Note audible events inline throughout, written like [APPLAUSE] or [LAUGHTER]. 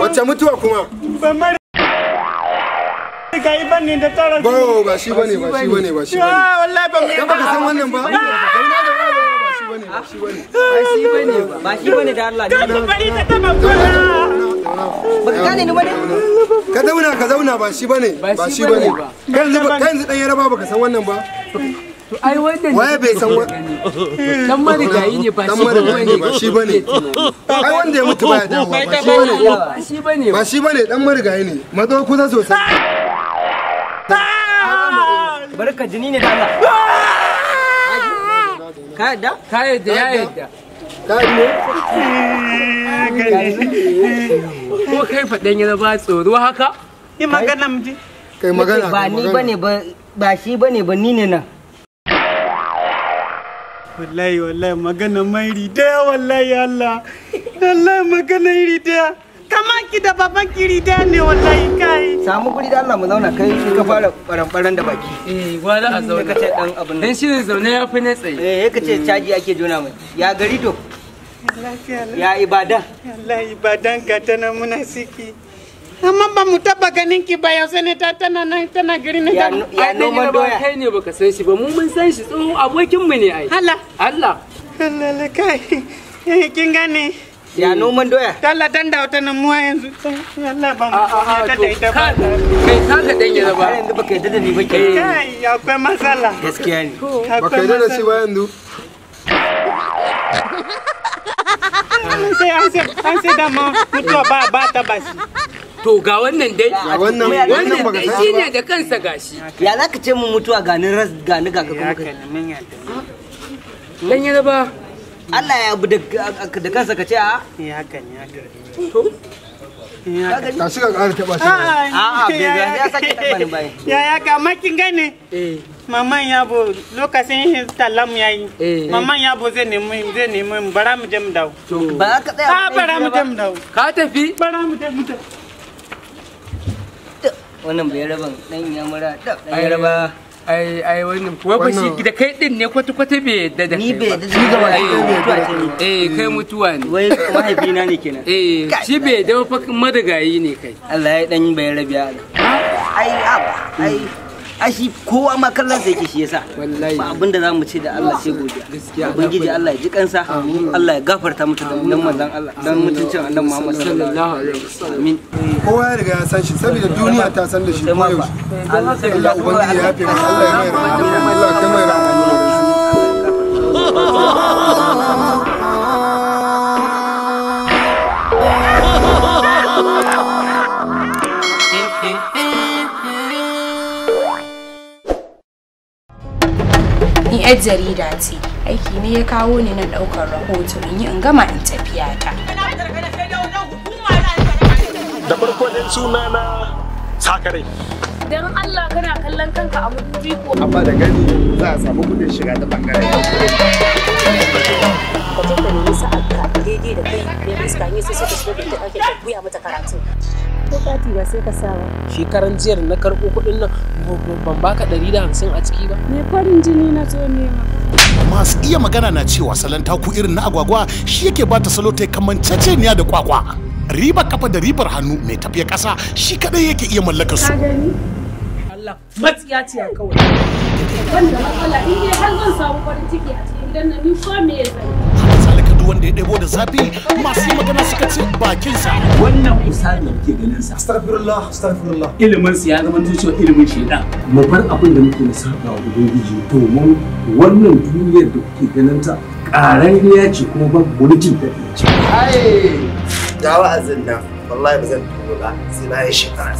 Wace mutuwa kuma? Ka yi banni da tara. Ba shi bane ba shi bane ba shi bane. Wallahi ba mu ba. Ka san wannan ba? Ba shi bane ba shi bane. Ba shi bane ba. Ba shi bane da Allah. Ka bari ta taba kula. baka gane ni ba ka zauna ka zauna ba shi bane ba shi bane kan zuba kan zuba ya raba baka san wannan ba to ai wannan waye bai san wannan dan ne ba shi bane ba shi bane ai wanda ya mutu ba shi bane ba shi bane ba shi bane dan ne mazo kusa sosai barka jini ne ka yadda ka yadda ya yadda ka yadda kuma kai faɗin yana ba tsoro haka yi magana miji kai magana ba ni ba bane ba ba shi bane ba ni ne na. wallahi wallahi magana mai ridaya wallahi Allah wallahi magana ridaya kama ki da baban ki ridaya ne wallahi kai samu guri da Allah mu zauna kai shi ka fara baran da baki eh gwada a zauna kace dan abin dan shi zaune ya fi ne tsaye eh kace caji ake jona mai ya gari to ya ibadan ya ibadan ga tana muna siki amma ba mu taba ganin ki ba yau sai ta tana nan tana gari ne da ya noman doya kai ne baka san shi ba mu mun san shi tsohon abokin mu ne ai Allah Allah Allah le kai eh, kin gane ya noman doya Allah dan da wata nan muwa yanzu Allah ba mu ya ta da ita ba kai ka ga dan yana ba yanzu baka yadda da ni ba kai eh. kai akwai masala gaskiya ne baka yadda da shi ba yanzu [LAUGHS] an sai an sai an sai dama mutuwa ba ba ta bashi to ga wannan dai wannan wannan da kansa gashi ya zaka ce mun mutuwa ga ni ras ga ni kuma kai dan Allah ya bu da kansa ka ce a ya eh, to eh, ka shiga ƙara taɓa shi a'a ya sake taɓa ni ga makin gane eh mama ya bo lokacin talam ya yi mama ya bo zai nemi zai nemi bara mu je mu dawo ba ka tsaya ka bara mu je mu dawo ka tafi bara mu je mu dawo wannan bai raban dan ya mura dan ya raba ai ai wannan ko ba shi da kai din ne kwata kwata bai da da ni bai da shi gaba eh kai mutuwa ne wai mahaifi na ne kenan eh shi bai da fa madagayi ne kai Allah ya dan bai rabiya ai ai ashi kowa ma kallon sai ke shi yasa wallahi ba abinda zamu ce da Allah sai godiya gaskiya ubangiji Allah ya ji kansa Allah ya gafarta mutu da nan manzon Allah dan mutuncin annabi Muhammad sallallahu alaihi wasallam amin kowa ya riga ya san shi saboda duniya ta san da shi ko koyaushe Allah ubangiji ya yafe mu Allah ya mai rahama Allah ya mai rahama yar jarida ce aiki ne ya kawo ni na ɗaukar rahoto in yi in gama in tafiya ta da farko din suna na sakare dan Allah kana kallon kanka a mutubi ko amma da gani za a samu kudin shiga ta bangare ka tafi ne sa'a daidai da kai ne iska ne sai suka shiga da ake buya mata karatu ko kati ba sai ka sa shekaran jiyar na karɓo kuɗin nan ban baka ɗari da hamsin a ciki ba me farin jini na zo nema masu iya magana na cewa salon taku irin na agwagwa shi yake bata salo ta niya da kwakwa riba kafa da ribar hannu mai tafiya ƙasa shi kaɗai yake iya mallakar su Allah matsiya ce kawai wanda matsala in dai har zan samu farin ciki a cikin gidan nan ni ko me ya zai da ya ɗebo da zafi masu yi magana suka ce bakinsa. Wannan misali da muke ganin sa. astaghfirullah astaghfirullah Ilimin sa ya zama tushe ilimin shaidan. Mu bar abin da muke saba wa Ubangiji domin wannan duniyar da kuke ganin ta ya ce kuma babu wani jin daɗi ce. Ai, dawa azin nan. wallahi ba zan tuno ba sai na yi shekara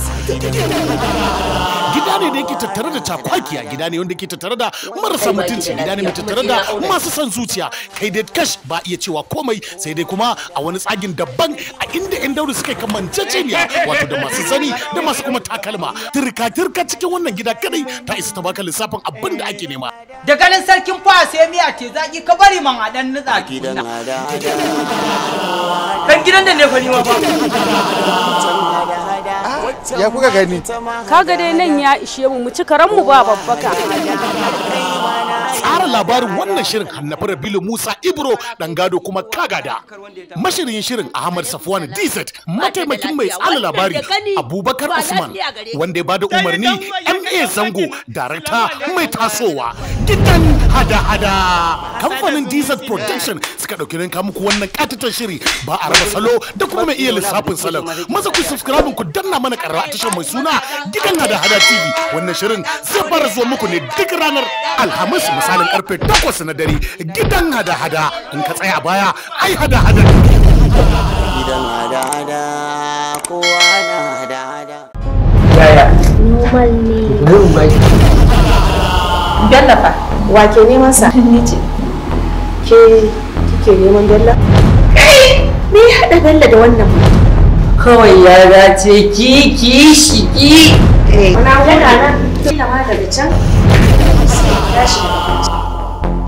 gida ne da yake tattare da cakwakiya gida ne wanda ke tattare da marasa mutunci gida ne mai tattare da masu son zuciya kai dai kash ba iya cewa komai sai dai kuma a wani tsagin daban a inda yan dauri suka ne wato da masu sani da masu kuma takalma turka turka cikin wannan gida kadai ta isa ta baka lissafin abin da ake nema da ganin sarkin fa sai miya ce zaki ka bari man a dan nutsa gidan da ne fa ni ma ya kuka gani kaga dai nan ya ishe mu mu ci mu ba babbaka tsara labarin wannan shirin hannafa rabilu musa ibro dan gado kuma kagada mashirin shirin ahmad safwan dz mataimakin mai tsara labari abubakar usman wanda ya bada umarni ma zango darakta mai tasowa gidan hada-hada kamfanin diesel protection suka ɗauki nan muku wannan katatar shiri ba a raba salo da kuma mai iya lissafin salon maza ku subscribe ku danna mana karra a tashar mai suna gidan hada-hada tv wannan shirin zai fara zuwa muku ne duk ranar alhamis misalin karfe 8 na dare gidan hada-hada in ka tsaya baya ai hada-hada gidan hada-hada kowa na hada-hada yaya normal ne wa ke neman sa ce ke kike neman dalla kai me ya hada dalla da wannan kawai ya dace ki ki shi ki eh,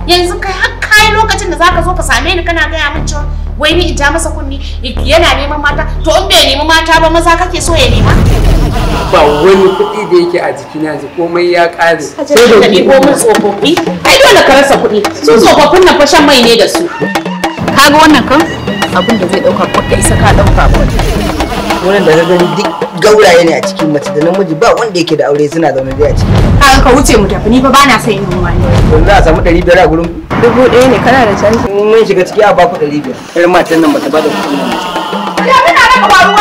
yanzu kai har kai lokacin da zaka zo ka same ni kana gaya min cewa wai ni in ja masa kunni yana neman mata to in bai nemi mata ba maza kake so ya nema ba wani kuɗi da yake a jikina yanzu komai ya ƙare sai da ni ko mun tsofaffi ai dole ka rasa kuɗi su tsofaffin nan fashan mai ne da su kaga wannan kan abin da zai ɗauka ko isa ka ɗauka ba wannan da zan duk gauraye ne a cikin mace da namiji ba wanda yake da aure suna zaune dai a ciki kaga ka wuce mu tafi ni fa bana son yin wani za a samu ɗari biyar a gurin dubu ɗaya ne kana da canji mun shiga ciki a baku ɗari biyar irin matan nan ba ta ba da kuɗin nan. Ya muna raka ba